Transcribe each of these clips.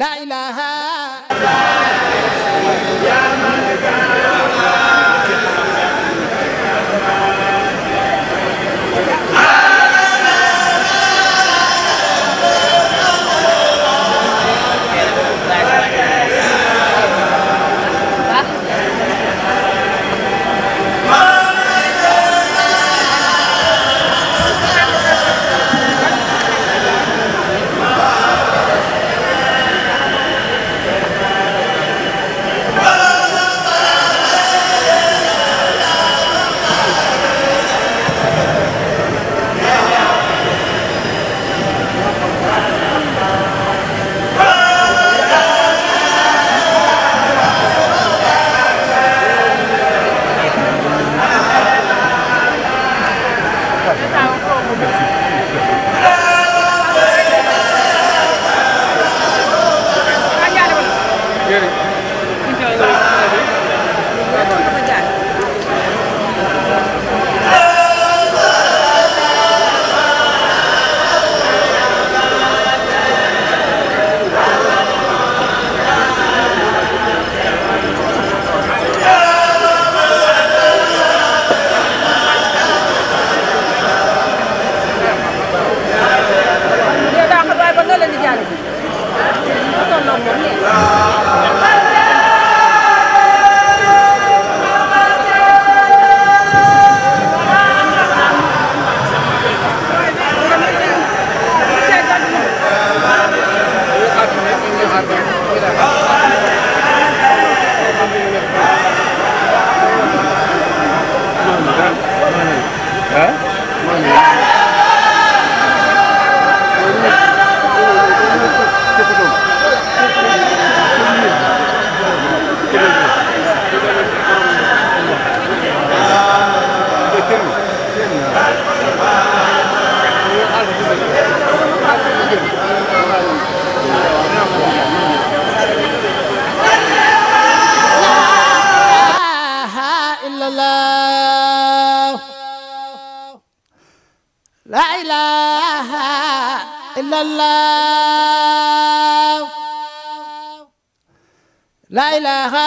laa ilaaha la ilaaha illallah laa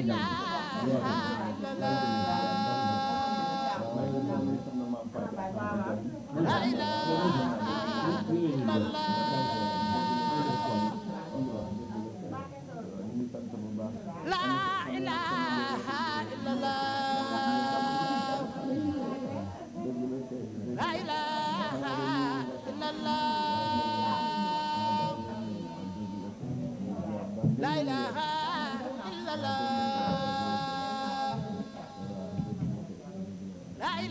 La ilaha la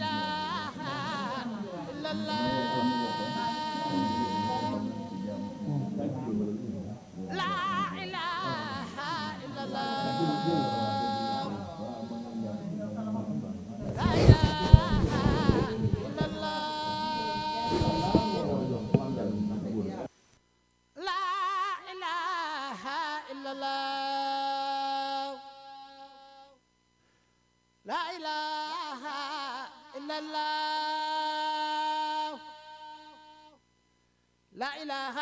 la إله إلا الله لا إله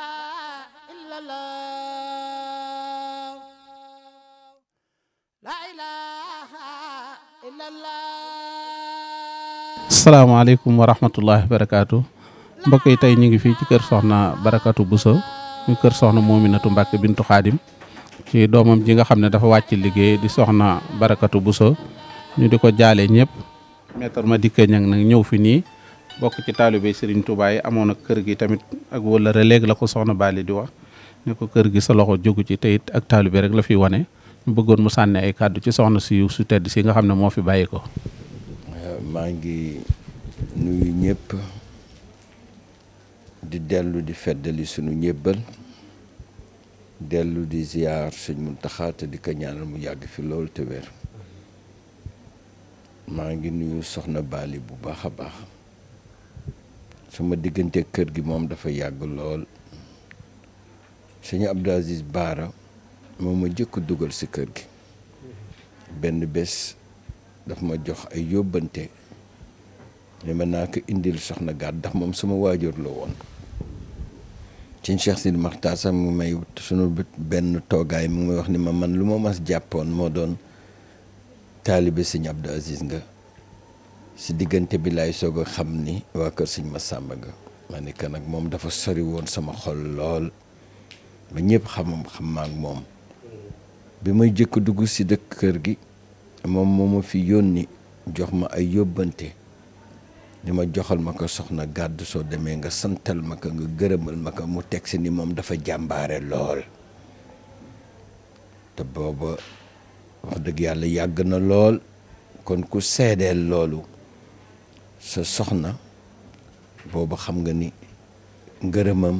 إلا الله لا mbokk yi tey ñu ngi fii ci kër soxna Barakatu Bousso ñu kër soxna Moominatu Mbàkke bintu Xaadim ci doomam ji nga xam ne dafa wàcc liggéey di soxna Barakatu Bousso ñu di ko jaale ñëpp Maître Madické Niang nag ñëw fi nii bokk ci taalibe Serigne Touba yi amoon ak kër gi tamit ak wëllëre léegi la ko soxna Bali di wax ne ko kër gi sa loxo jógu ci te it ak taalibe rek la fi wane ñu bëggoon mu sànni ay kàddu ci soxna si su tedd si nga xam ne moo fi bàyyi ko. Euh, maa ngi nuyu ñëpp di dellu di feddali sunu ñébbal dellu di ziar suñ mun taxaata di ka ñaanal mu yàgg fi loolu te wér maa ngi nuyu soxna Bali bu baax a baax sama diggante kër gi moom dafa yàgg lool sëñ Abdou Aziz Baara moom ma jëkk dugal si kër gi benn bés dafa ma jox ay yóbbante ne ma naa ko indil soxna gaat ndax moom sama waajur la woon sëñ Cheikh Sidi Maxtaar sax mu may sunu benn toogaay mu may wax ni ma man lu ma mas jàppoon moo doon taalibe sëñ Abdou Aziz nga si diggante bi laay soog a xam ni waa kër sëñ Massamba nga ma ni que nag moom dafa sori woon sama xol lool ba ñëpp xamam xam maak moom bi may jëkk dugg si dëkk kër gi moom moo ma fi yónni jox ma ay yóbbante ni ma joxal ma ko soxna gàddu soo demee nga santal ma ko nga gërëmal ma ko mu teg si ni moom dafa jàmbaare lool te booba wax dëgg yàlla yàgg na lool kon ku seedeel loolu sa soxna boobu xam nga ni ngërëmam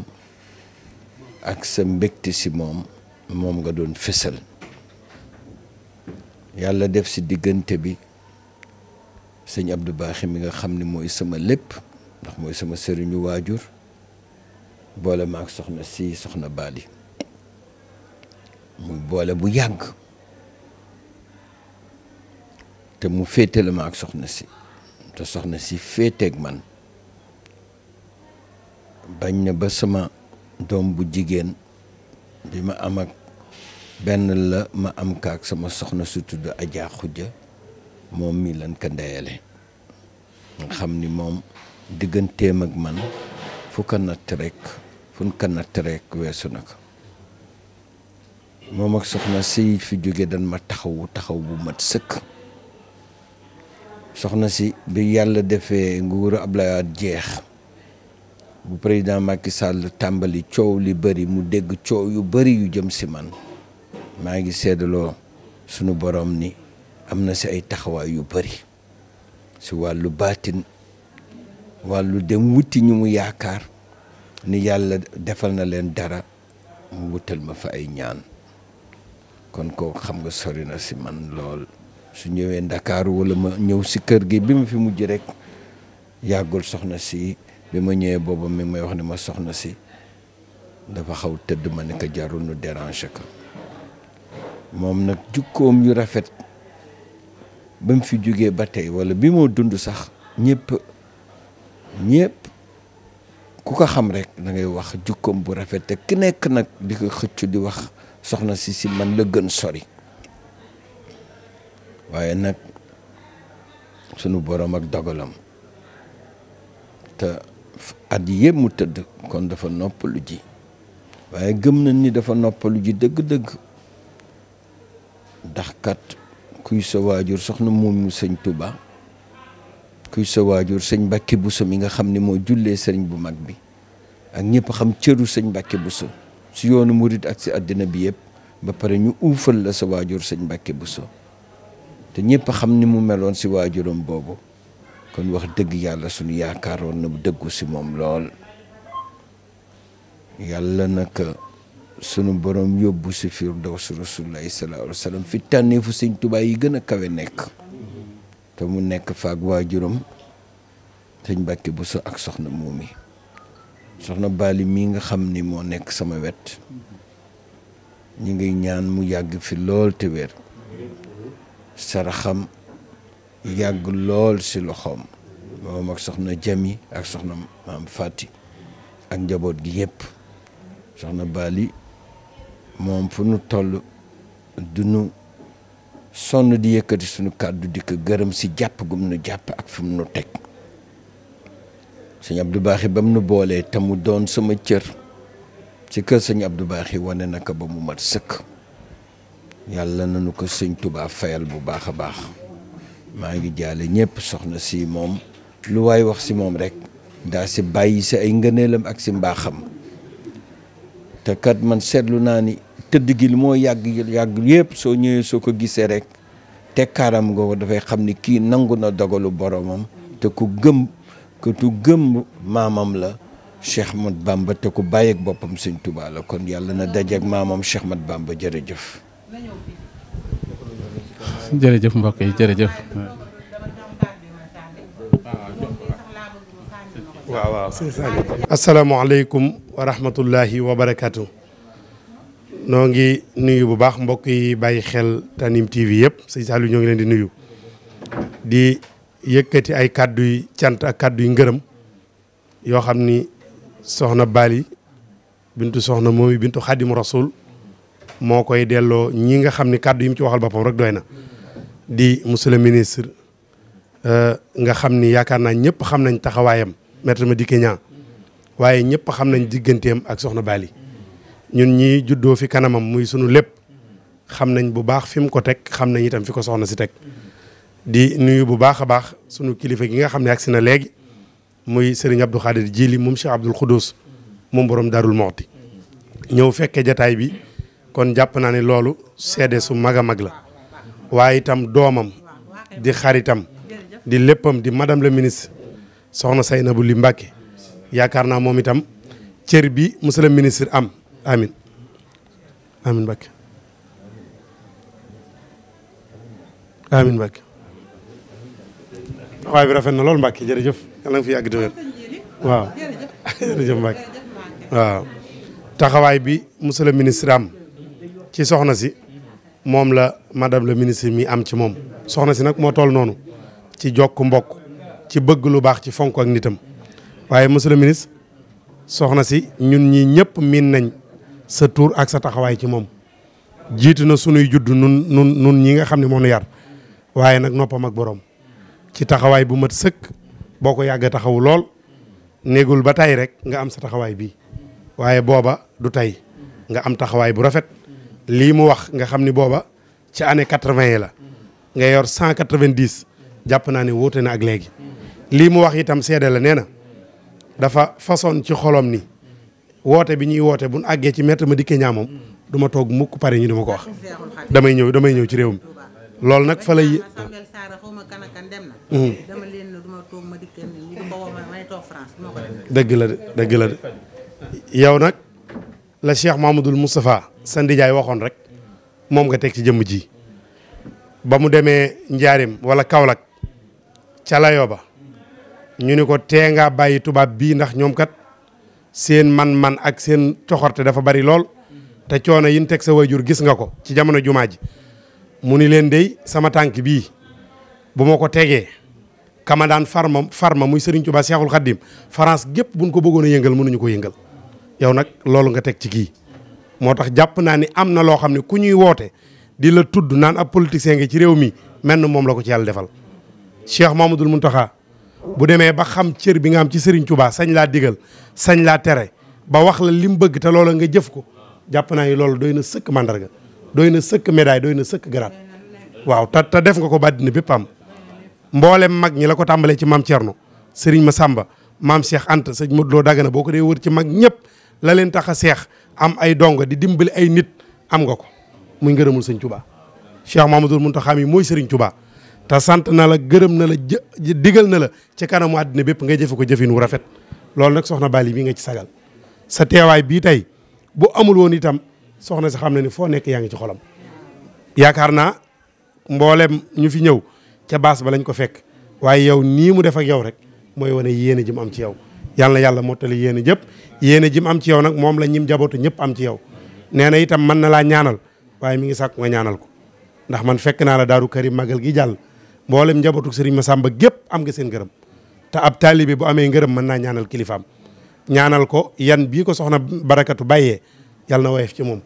ak sa mbégte si moom moom nga doon fësal yàlla def si diggante bi sëñ Abdou Baaxi mi nga xam ni mooy sama lépp ndax mooy sama sëriñu waajur boole maak soxna si soxna Bali muy boole bu yàgg te mu féetale ma ak soxna si te soxna si féeteeg man bañ na ba sama doom bu jigéen bi ma am ak benn la ma am kaak sama soxna su tudd Adja Khoudia moom mi lan ko ndeyale nga xam ni moom digganteem ak man fu ko rek fu ñu rek weesu na moom ak soxna si fi jóge dan ma taxawu taxaw bu mat sëkk soxna si bi yàlla defee nguuru Abdoulaye Wade jeex bu président Macky sàll tàmbali coow li bëri mu dégg coow yu bari yu jëm si man maa ngi seddaloo sunu boroom ni am na si ay taxawaay yu bari si wàllu baatin wàllu dem wuti ñu mu yaakaar ni yàlla defal na leen dara mu wutal ma fa ay ñaan kon koo xam nga sori na si man lool su ñëwee Ndakaaru wala ma ñëw si kër gi bi ma fi mujj rek yàggul soxna si bi ma ñëwee booba mi may wax ne ma soxna si dafa xaw tëdd ma ne ko jarul nu déranger ko moom nag jukkoom yu rafet ba mu fi jógee ba tey wala bi moo dund sax ñépp ñëpp ku ko xam rek da ngay wax jukkoom bu rafet te ki nekk nag di ko xëccu di wax soxna si si man la gën sori waaye nag sunu borom ak dogalam te at yëpp mu tëdd kon dafa noppalu ji waaye gëm nañ ni dafa noppalu ji dëgg-dëgg ndax kat kuy sa waajur soxna moomu sëñ Tuba kuy sa waajur sëñ bu Buso mi nga xam ni moo jullee sëriñ bu mag bi ak ñëpp xam cëru sëñ bu Buso si yoonu murit ak si àddina bi yëpp ba pare ñu uufal la sa waajur sëñ Mbàkke so te ñëpp xam ni mu meloon si waajuram boobu kon wax dëgg yàlla suñu yaakaaroon na dëggu si moom lool yàlla nag sunu boroom yóbbu si firdaws rasulullahi su alayhi wasallam fi tànneefu sëñ Tuubaa yi gën a kawe nekk te mu nekk faag waajuram sëñ Mbàkke Buso ak soxna Moomi soxna mii nga xam ni moo nekk sama wet ñu ngi ñaan mu yàgg fi lool te wér saraxam yàgg lool si loxoom moom ak soxna Jami ak soxna maam Fati ak njaboot gi yëpp soxna Bali moom fu nu toll du nu sonn di yëkkati sunu kàddu di ko gërëm si jàpp gum nu jàpp ak fu mu nu teg sëñ du Baaxi ba mu nu boolee te mu doon sama cër ci kër sëñ du Baaxi wane naka ba mu mat sëkk yàlla nañu ko sëñ Touba fayal bu baax a baax maa ngi jaale ñépp soxna si moom lu waay wax si moom rek daa si bàyyi si ay ngëneelam ak si mbaaxam te kat man seetlu naa ni tëdd gi moo yàgg yàgg yëpp soo ñëwee soo ko gisee rek te kaaram nga dafay xam ni kii nangu na dogalu boromam te ku gëm ku gëm maamam la Cheikh Mat ba te ku bàyyeeg boppam sëñ tubaa la kon yàlla na dajeeg maamam Cheikh Mat Bamba jërëjëf. jërëjëf mbokk yi jërëjëf. waaw waaw asalaamaaleykum wa rahmatullahi wa ngi nuyu bu baax mbokk yi bàyyi xel Tanime TV yëpp sëñ Saliou ñoo ngi leen di nuyu. di yëkkati ay kàddu cant ak kàddu yu ngërëm yoo xam ni soxna Bali bintu soxna moomi bintu xadim rasul moo koy delloo ñi nga xam ni kàddu yi mu ci waxal boppam rek dooy na di monsieur le ministre euh, nga xam ni yaakaar naa ñëpp xam nañ taxawaayam maître Madické Niang waaye ñëpp xam nañ digganteem ak soxna Bali ñun ñi juddoo fi kanamam muy sunu lépp xam nañ bu baax fi mu ko teg xam nañ itam fi ko soxna si teg di nuyu bu baax a baax sunu kilifa gi nga xam ne agsi na léegi muy Serigne Abdou Khadir Jili moom Cheikh Abdoul Khoudous moom boroom Darul Moxti ñëw fekke kon jàpp naa ni loolu seede su mag a mag la waaye itam doomam di xaritam di léppam di madame la ministre soxna Seynabou Ly Mbacké yaakaar naa moom itam cër bi monsieur le ministre am amin amin Mbacké bi rafet na loolu lool Mbacké jërëjëf yàlla nga fi yàgg déwén waaw taxawaay bi monsieur le ministre am ci soxna si moom la madame la ministre mi am ci moom soxna si nag moo toll noonu ci jokk mbokk ci bëgg lu baax ci fonk ak nitam waaye monsieur le ministre soxna si ñun ñii ñëpp miin nañ sa tuur ak sa taxawaay ci moom jiitu na sunuy judd nun nun ñi nga xam ne moo nu yar waaye nag noppam ak boroom ci taxawaay bu mat sëkk boo ko yàgg taxawu lool néegul ba tey rek nga am sa taxawaay bii waaye booba du tey nga am taxawaay bu rafet lii mu wax nga xam ni booba ci année quatre-vingt yi la nga yor cent quatre-vingt-dix jàpp naa ne woote na ak léegi lii mu wax itam seede la nee na dafa façon ci xolom ni woote bi ñuy woote bu ñu àggee ci Maître Madické Niang moom du toog mukk pare ñu dama ko wax damay ñëw damay ñëw ci réew mi loolu nag fa lay hmm. dëgg la de dëgg la de yow nag la Cheikh Mahmoudul Moustapha sa ndijaay waxoon rek moom nga teg ci jëmm ji ba mu demee Njaarim wala Kaolack calayo ba ñu ni ko tee ngaa bàyyi tubaab bii ndax ñoom kat seen man-man ak seen coxorte dafa bari lool te coono yin teg sa wayjur gis nga ko ci jamono jumaa ji mu ni leen dey sama tànk bii bu ma ko tegee kam kama daan farma farma muy Serigne Touba Cheikhul Khadim France gépp nu ko bëggoon a yëngal mënuñu ko yëngal yow nag loolu nga teg ci kii moo tax jàpp naa ni am na loo xam ne ku ñuy woote di la tudd naan a politicien ngi ci réew mi mel moom la ko ci yàlla defal moo Cheikh Mamadul Muntaxa bu demee ba xam cër bi nga am ci Serigne Touba sañ laa digal sañ laa tere ba wax la li mu bëgg te loola nga jëf ko jàpp naa ni loolu doy na sëkk mandarga doy na sëkk médaille doy na sëkk garaat waaw te def nga ko bàddina bépp am mboolem mag ñi la ko tàmbalee ci maam Thierno Serigne Massamba maam Cheikh Anta sëñ Modou Lo Dagana boo ko dee wër ci mag ñëpp la tax a seex am ay dongo di dimbali ay nit am nga ko muy ngërëmul sëñ Touba Cheikh Mamadou xam mi mooy Serigne Touba te sant na la gërëm na la jë digal na la ci kanamu àddina bépp nga jëfe ko jëfin wu rafet loolu nag soxna Bali bii nga ci sagal sa teewaay bii tey bu amul woon itam soxna si xam na ni foo nekk yaa ngi ci xolam yaakaar naa mboolem ñu fi ñëw ca baas ba lañ ko fekk waaye yow nii mu def ak yow rek mooy wane yéene ji mu ci yow yàlla yàlla mottali yéen a jëpp yéen a jim am ci yow nag moom la ñim jabootu ñëpp am ci yow nee na itam mën na laa ñaanal waaye mi ngi sàkku nga ñaanal ko ndax man fekk naa la daaru karim magal gi jàll mboolem njabootu ma Masamba gépp am nga seen ngërëm te ab taalibe bu amee ngërëm mën naa ñaanal kilifaam ñaanal ko yan bii ko soxna barakatu bàyyee yàlla na woyof ci moom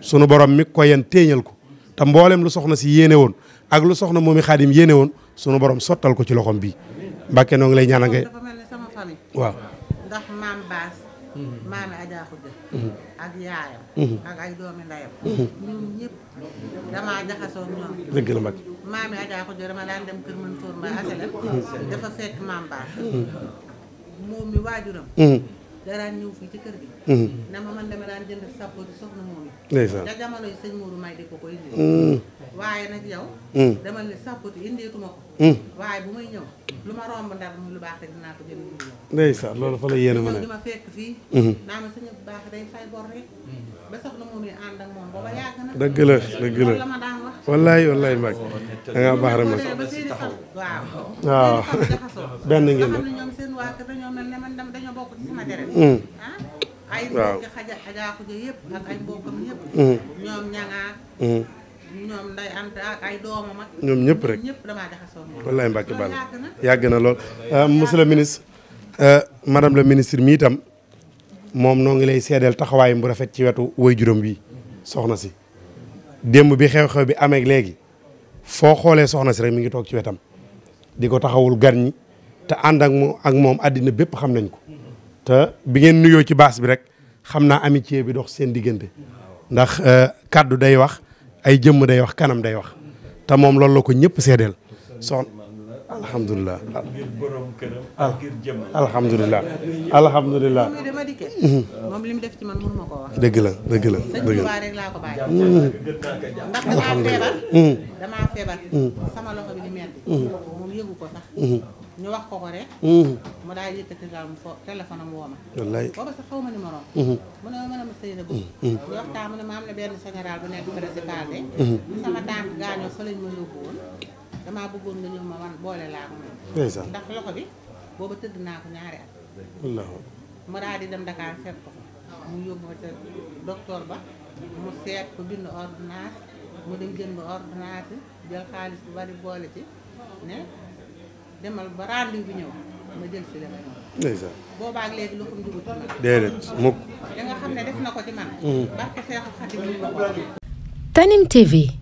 sunu borom mi ko yan téeñal ko te mboolem lu soxna si yéene woon ak lu soxna moomi xaadim yéene woon sunu borom sottal ko ci loxom bi mbàkke noo ngi lay ñaanal nga ndax maam baas mhm. maami Adja Khoudia mhm. ak yaayam mhm. ak ay doomi ndeyam ñoom ñëpp damaa jaxasoo ñoom la mag maami Adja Khoudia dama daan dem kër Mansour Mbaye asele dafa fekk maam baas moom mi waajuram daraan ñëw fii ci kër gi. Mhm. na ma man daan jënd sappo di soxna moom it. ndeysaan da jamono yi sëñ Mourou may di ko ko indi. Mhm. waaye nag yow. Mhm. dama ne sappo di ko. waaye bu may ñëw lu ma romb ndar lu baax rek dinaa ko jënd. ndeysaan loolu fa la yéene ma ne di ma fekk ba yàgg na. dëgg la dëgg la wallaay wallaay mag da ngaa baax rek mag waaw ñëpp rek ñëpp mm. ah? mm. mm. damaa jaxasoo yàgg na lool euh, monsieur le ministre euh, madame la ministre mi itam moom noo ngi lay seedeel taxawaay bu rafet ci wetu way juróom bii soxna si démb bi xew-xew bi amee léegi foo xoolee soxna si rek mi ngi toog ci wetam di ko taxawul gan ñi te ànd ak moom ak moom àddina bépp xam nañ ko te bi ngeen nuyoo ci baas bi rek xam naa amitié bi dox seen diggante ndax euh, kàddu day wax ay jëmm day wax kanam day wax te moom loolu la ko ñëpp seedeel alhamdulilah ngir borom ah. alhamdulilah mhm. moom li mu def ci man mënuma ko wax dëgg la dëgg la dëgg la rek laa ko bàyyi mhm. mhm. moom yëgu ko sax ñu wax ko ko rek mu daal yëkkati daal woo ma wallaay booba sax xaw ma numéro mu ne ma mën a ma sëy na bëgg ñu waxtaan mu ne ma sama tànk gaañoo fa lañ ma yóbbu damaa bëggoon nga ñëw ma wan boole laa ko ndax loxo bi booba tëdd naa ko ñaari at wallaahi ma di dem Dakar seet ko mu yóbbu ma ca docteur ba mu seet ko bind ordonnance mu dem jënd ordonnance jël xaalis bu bari boole ci ne demal ba rendez bi ñëw ma jël si la ma ñëw ndeysaan boobaak léegi loxo njugut déedéet mukk da xam ne def na ko ci man mm. barke Seexu Xadim Tanim TV